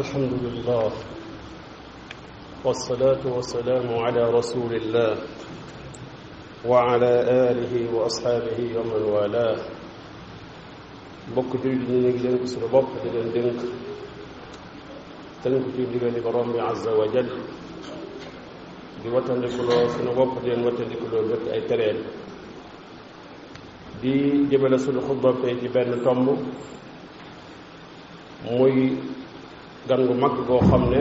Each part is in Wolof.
الحمد لله والصلاة والسلام على رسول الله وعلى آله وأصحابه ومن والاه bokk jullit ñi ñu ngi dénk suñu bopp di leen dénk tënk ci ndigali borom bi azza wa jal di wattandikuloo suñu bopp di leen wattandikuloo lépp ay tereen di jëmale suñu xutba ci benn tomb muy gan gu mag goo xam ne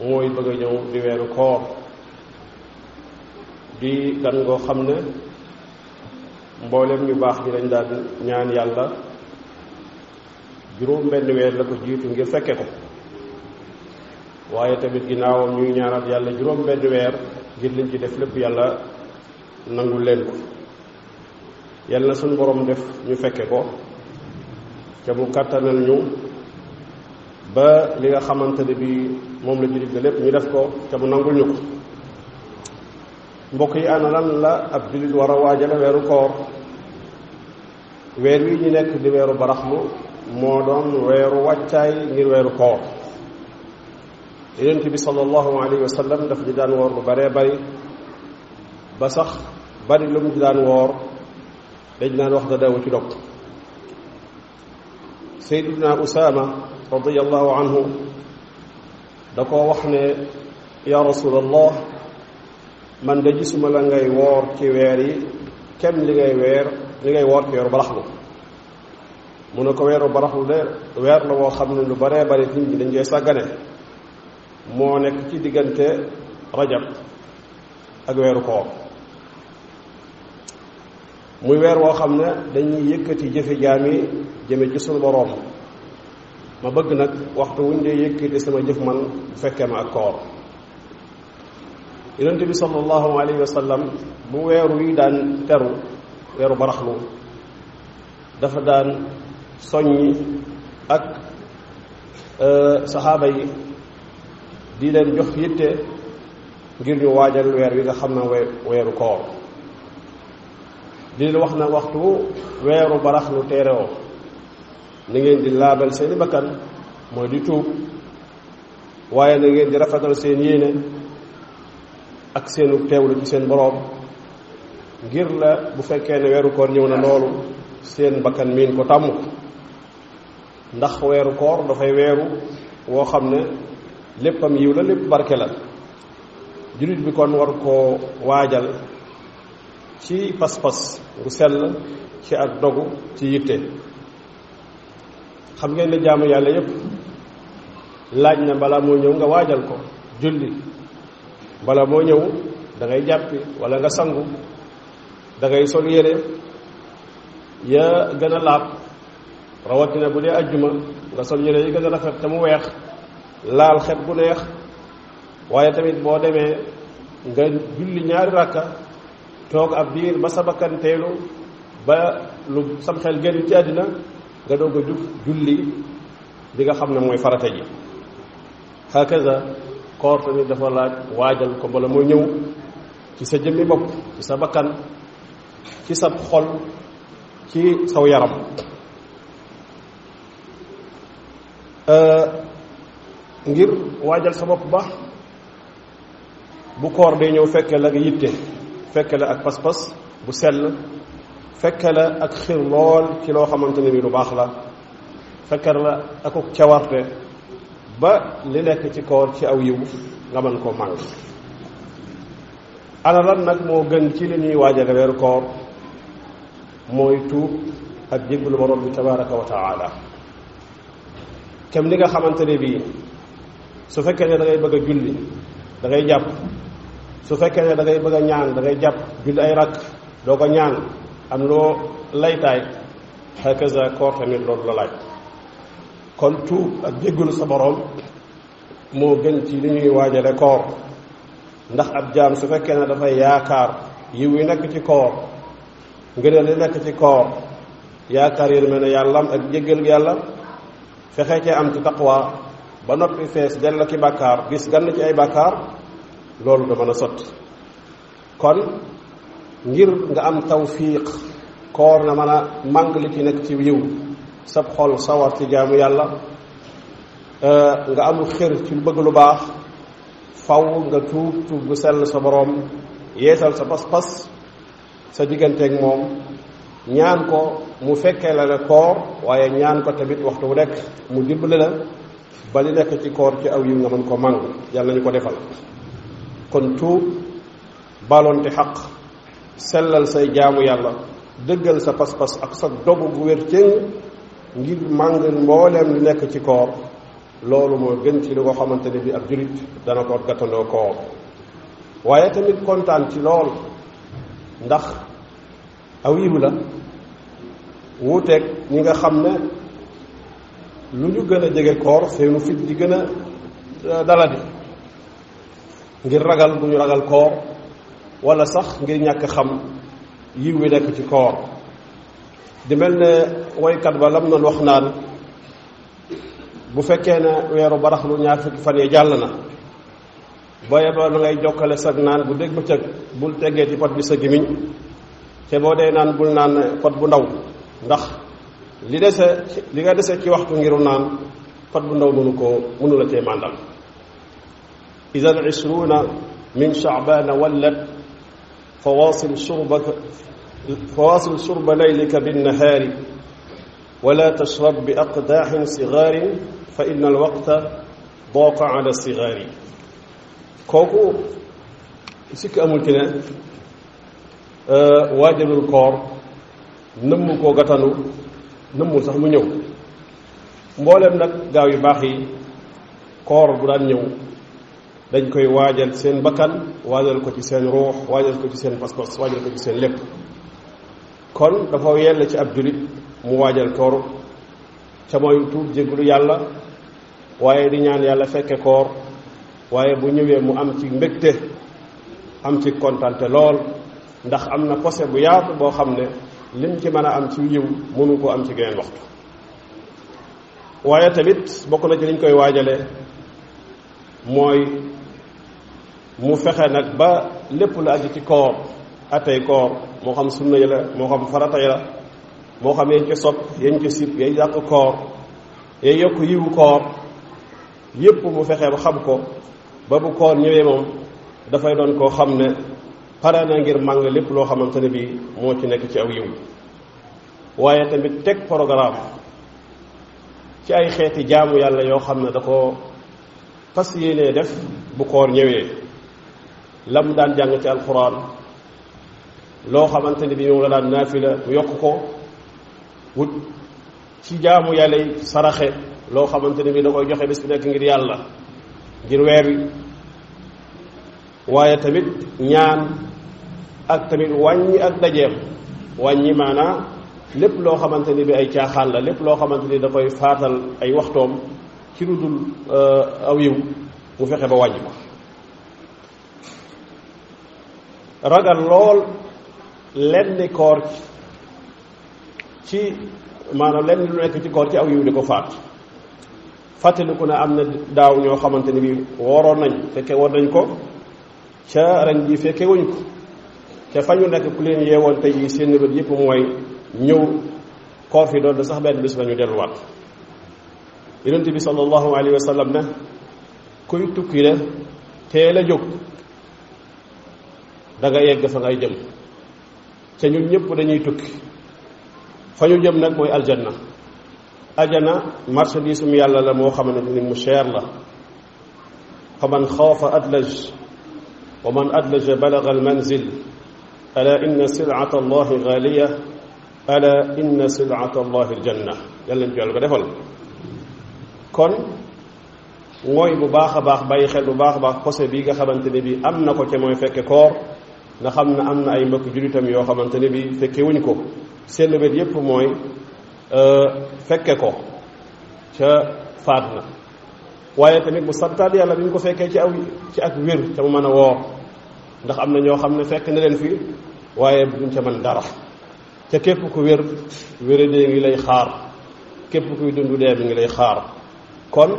mooy bëgg a ñëw di weeru koor di gan goo xam ne mboolem ñu baax ñi lañ daal ñaan yàlla juróom benn weer la ko jiitu ngir fekke ko waaye tamit ginnaawam ñuy ñaanal yàlla juróom benn weer ngir liñ ci def lépp yàlla nangul leen ko yàlla na suñu def ñu fekke ko te mu kàttanal ñu ba li nga xamante ne bi moom la jullit ga lépp ñu def ko te mu nangul ñu ko mbokk yi ana la ab jullit war a waajale weeru koor weer wi ñu nekk di weeru baraxlu moo doon weeru wàccaay ngir weeru koor yonent bi sallallahu alayhi wa sallam daf di daan woor lu baree bari ba sax bari lu mu daan woor dañ naan wax da ci dog sayyiduna Usaama radiallahu anhu da ko wax ne yaa rasulallah man de gisuma la ngay woor ci weer yi kenn li ngay weer li ngay woor ci weeru baraxlu mu ne ko weeru baraxlu de weer la woo xam ne lu baree bari nit ñi dañ koy sàggane moo nekk ci diggante rajab ak weeru koor muy weer woo xam ne dañuy yëkkati jëfe jaam yi jëme ci sunu boroom ma bëgg nag waxtu wuñ dee yëkkati sama jëf man bu fekkee ma ak koor yonente bi sallallahu alayhi wa sallam bu weeru wi daan teru weeru baraxlu dafa daan soññi ak euh, saxaaba yi di leen jox yitte ngir ñu waajal weer wi nga xam ne weeru koor di leen wax na waxtu weeru baraxlu teerewoo na ngeen di laabal seeni bakkan mooy di tuub waaye na ngeen di rafetal seen yéene ak seenu teewlu ci seen boroom ngir la bu fekkee ne weeru koor ñëw na loolu seen bakkan miin ko tàmm ndax weeru koor dafay weeru woo xam ne léppam yiw la lépp barke la jullit bi kon war koo waajal ci pas-pas bu sell ci ak dogu ci yitte xam ngeen ne jaamu yàlla yépp laaj na balaa moo ñëw nga waajal ko julli bala moo ñëw dangay ngay jàppi wala nga sangu dangay sol yére ya gën a laab rawatina bu dee ajjuma nga sol yére yi gën a rafet te mu weex laal xet bu neex waaye tamit boo demee nga julli ñaari ràkka toog ab biir ba sa bakkan ba lu sam xel génn ci àddina nga doog a jug julli li nga xam ne mooy farata ji hakaza koor tamit dafa laaj waajal ko bala moo ñëw ci sa jëmmi bopp ci sa bakkan ci sa xol ci saw yaram ngir waajal sa bopp ba bu koor day ñëw fekkee la nga yitte fekke la ak pas-pas bu sell fekke la ak xir lool ci loo xamante ne ni lu baax la fekke la akuk cawarte ba li lekk ci koor ci aw yiw nga mën koo màng ana nag moo gën ci li ñuy waajale weeru koor mooy tuub ak jéggalu borom bi tabaraka wa kem li nga xamante ne bii su fekkee ne da bëgg a julli dangay ngay jàpp su fekkee ne dangay ngay bëgg a ñaan dangay ngay jàpp julli ay rakk doo ko ñaan am loo laytaay hakaza koor tamit loolu la laaj kon tuub ak jéggalu sa boroom moo gën ci li ñuy waajale koor ndax ab jaam su fekkee ne dafay yaakaar yiw yi nekk ci koor ngëneel li nekk ci koor yaakaar lu mel ne yàlla am ak jéggal yàlla fexe cee am ci taqwa ba noppi fees dell ki bàkkaar gis gann ci ay bàkkaar loolu da mën a sotti kon ngir nga am tawfiq koor na man a màng li ci nekk ci yiw sab xol sawar ci jaamu yàlla nga amul xër ci lu bëgg lu baax faw nga tuub tuub bu sell sa boroom yeesal sa pas-pas sa digganteek moom ñaan ko mu fekkee la la koor waaye ñaan ko tamit waxtu wu nekk mu dimbali la ba li nekk ci koor ci aw yiw nga mën ko màng yàlla nañu ko defal kon tuub balonte xaq sellal say jaamu yàlla dëggal sa pas-pas ak sa dogu gu wér cëng ngir màng mbooleem lu nekk ci koor loolu moo gën ci li ko xamante ne bi ab jurit dana ko gattandoo koor waaye tamit kontaan ci lool ndax aw yiw la wuuteeg ñi nga xam ne lu ñu gën a jege koor seenu fit di gën a euh, daladi ngir ragal bu ñu ragal koor wala sax ngir ñàkk xam yiw wi nekk ci koor di mel ne woykat ba lam noonu wax naan bu fekkee ne weeru baraxlu ñaar fukki fan yi jàll na boo yeboo na ngay jokkale sag naan bu dégg bëccëg bul teggee ci pot bi sa gimiñ te boo dee naan bul naan pot bu ndaw ndax li dese li nga dese ci waxtu ngiru naan pot bu ndaw mënu koo mënu la cee màndal idan isruuna min chaabana فواصل شربك فواصل شرب ليلك بالنهار ولا تشرب بأقداح صغار فإن الوقت ضاق على الصغار kooku sikk amul ci ne waajalul koor nëmmul koo gàttanu nëmmul sax mu ñëw mbooleem nag gaaw yu baax yi koor bu daan ñëw dañ koy waajal seen bakkan waajal ko ci seen ruux waajal ko ci seen pas-pas waajal ko ci seen lépp kon dafa yell ci ab jullit mu waajal koor ca mooy tuub jéglu yàlla waaye di ñaan yàlla fekke koor waaye bu ñëwee mu am ci mbégte am ci kontante lool ndax am na pose bu yaatu boo xam ne lim ci mën a am ci yiw mënu ko am ci geneen waxtu waaye tamit bokk na ci liñ koy waajale mooy mu fexe nag ba lépp lu aju ci koor atay koor moo xam sunna yi la moo xam faratay la moo xam yañ ci sopp yañ ci yay yàq koor yay yokk yiwu koor yépp mu fexe ba xam ko ba bu koor ñëwee moom dafay doon koo xam ne pare na ngir màng lépp loo xamante ne bii moo ci nekk ci aw yiw waaye tamit teg programme ci ay xeeti jaamu yàlla yoo xam ne da ko fas yéenee def bu koor ñëwee la daan jàng ci alxuraan loo xamante ni bi moom la daan naafila mu yokk ko wut ci jaamu yàlla yi saraxe loo xamante ni bi da koy joxe bés bi nekk ngir yàlla ngir weer wi waaye tamit ñaan ak tamit wàññi ak dajeem wàññi maanaa lépp loo xamante ni bi ay caaxaan la lépp loo xamante ni da koy faatal ay waxtoom ci lu dul euh, aw yiw mu fexe ba wàññi ko ragal lool lenn koor ci maanaam lenn lu nekk ci koor ci aw yiw di ko faat fàttaliku ne am na daaw ñoo xamante ni bi woroon nañ fekke woon nañ ko ca ren ji fekke wuñ ko te fa ñu nekk ku leen yeewoon tey yi seen bët yëpp mooy ñëw koor fi doon da sax benn bis la ñu delluwaat yonent bi sallallahu alayhi wa sallam ne kuy tukki de teel a jóg da nga fa ngay jëm te ñun ñëpp dañuy tukki fa ñu jëm nag mooy aljanna ajana marchandise um yàlla la moo xamante ni mu cher la fa man xaafa adlaj wa man adlaja balaga almanzil ala inna silata allahi gaaliya ala inna silata allahi aljanna yàlla ñu yàlla ko defal kon mooy bu baax a baax bàyyi xel bu baax a baax posé bii nga xamante ne bii am na ko ca mooy fekke koor nga xam na am na ay mbokk jullitam yoo xamante ne bi fekke wuñ ko seen wet yépp mooy euh, fekke ko ca faat na waaye tamit bu santaat yàlla bi ñu ko fekkee ci aw ci ak wér te man mën a woor ndax am na ñoo xam ne fekk na leen fii waaye duñ ca mën dara ca képp ko wér wéradee ngi lay xaar képp kuy dund dee mu ngi lay xaar kon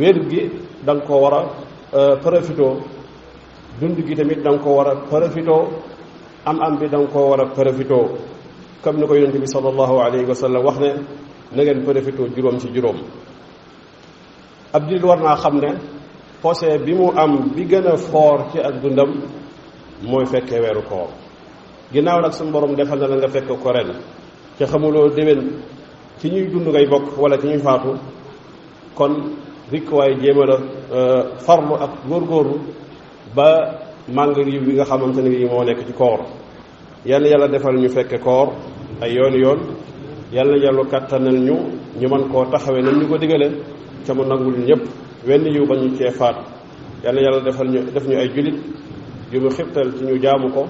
wér gi danga nga ko war a euh, profitoo dund gi tamit da nga ko war a profitoo am-am bi da nga koo war a profitoo comme ni ko yonente bi sallallahu alayhi wa wax ne na ngeen juróom ci juróom ab jullit war naa xam ne posé bi mu am bi gën a foor ci ak dundam mooy fekkee weeru koor ginnaaw nag su borom defal na la nga fekk ko ren ca xamuloo déwén ci ñuy dund ngay bokk wala ci ñuy faatu kon rikk waaye jéem a la euh, farlu ak góorgóorlu ba màng yiw bi nga xamante ne bii moo nekk ci koor yal na yàlla defal ñu fekkee koor ay yoon yoon yal na yàlla kattanal ñu ñu mën koo taxawee nañ ñu ko digale ca mu nangul ñëpp wenn yiw ba ñu cee faat yal na yàlla defal ñu def ñu ay julit yu mu xibtal ci ñu jaamu ko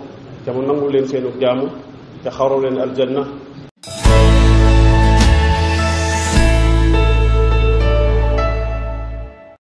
ca mu nangul leen seenu jàmm te xaru leen aljanna